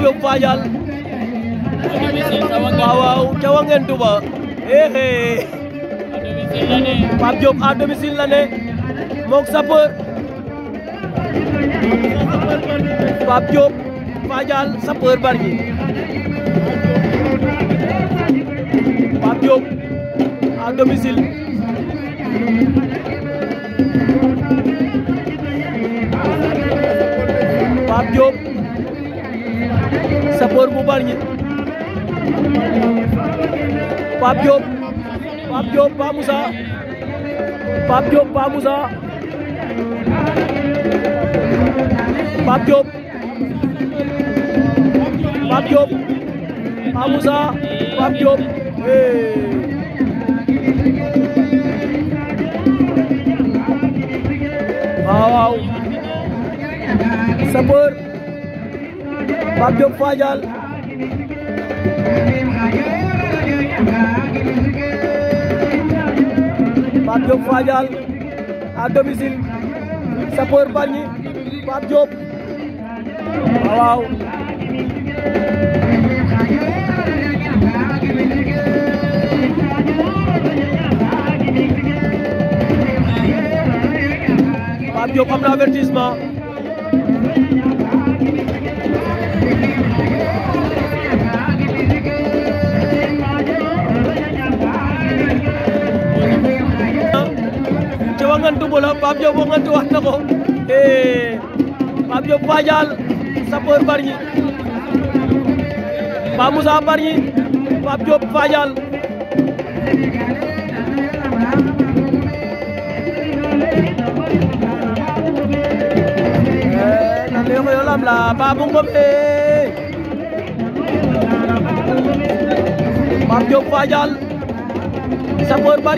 Diop Fadial waaw waaw ca Wangen Touba eh Pape Diop à domicile la ne moog sapeur Pape Diop Fadial sapeur Bargny Pape Diop सपोर को बढ़िए पापियो पापियो पामुसा पापियो पामुसा पापियो पापियो पामुसा पापियो ए आओ आओ सपोर Pape Diop Fadial Pape Diop Fadial à domicile Sapeur ah, waaw Pape Diop am na avertissement Pape Diop waxante wax na ko eh, Pape Diop Fadial Sapeur Bargny Pape Moussa Bargny Pape Diop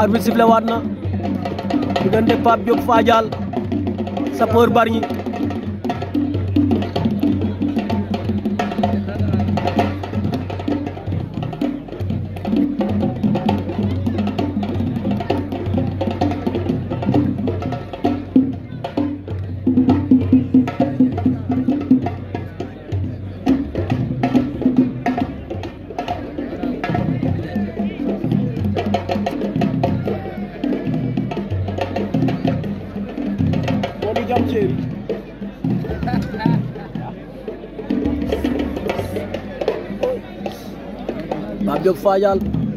arbitre sifflé waat na diggante Pape Diop Fadial Sapeur Bargny Nigeria. Pape Diop Fadial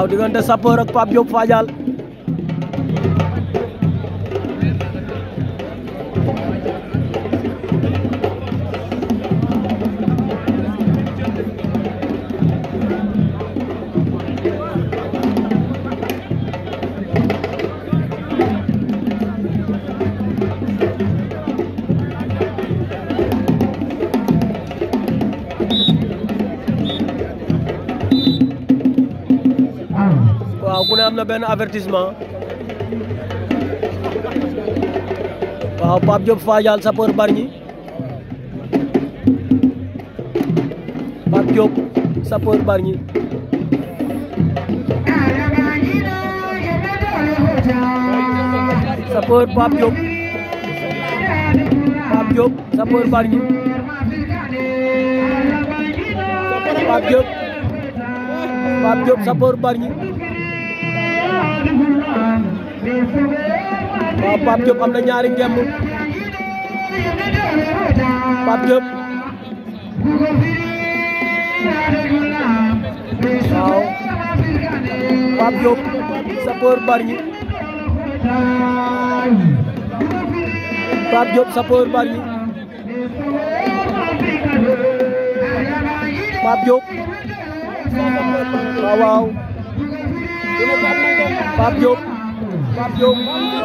waaw diggante sapeur ak Pape Diop Fadial waaw ku ne am na benn avertissement waaw Pape Diop Fadial sapeur Bargny Pape Diop sapeur Bargny sapeur Pape waaw Pape Diop am na ñaari ngemb Pape Diop waaw Pape Diop Sapeur Bargny Pape Diop Sapeur Bargny Pape Diop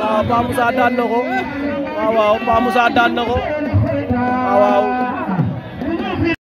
waaw Pape Moussa daan na ko waaw waaw Pape Moussa daan na ko waaw waaw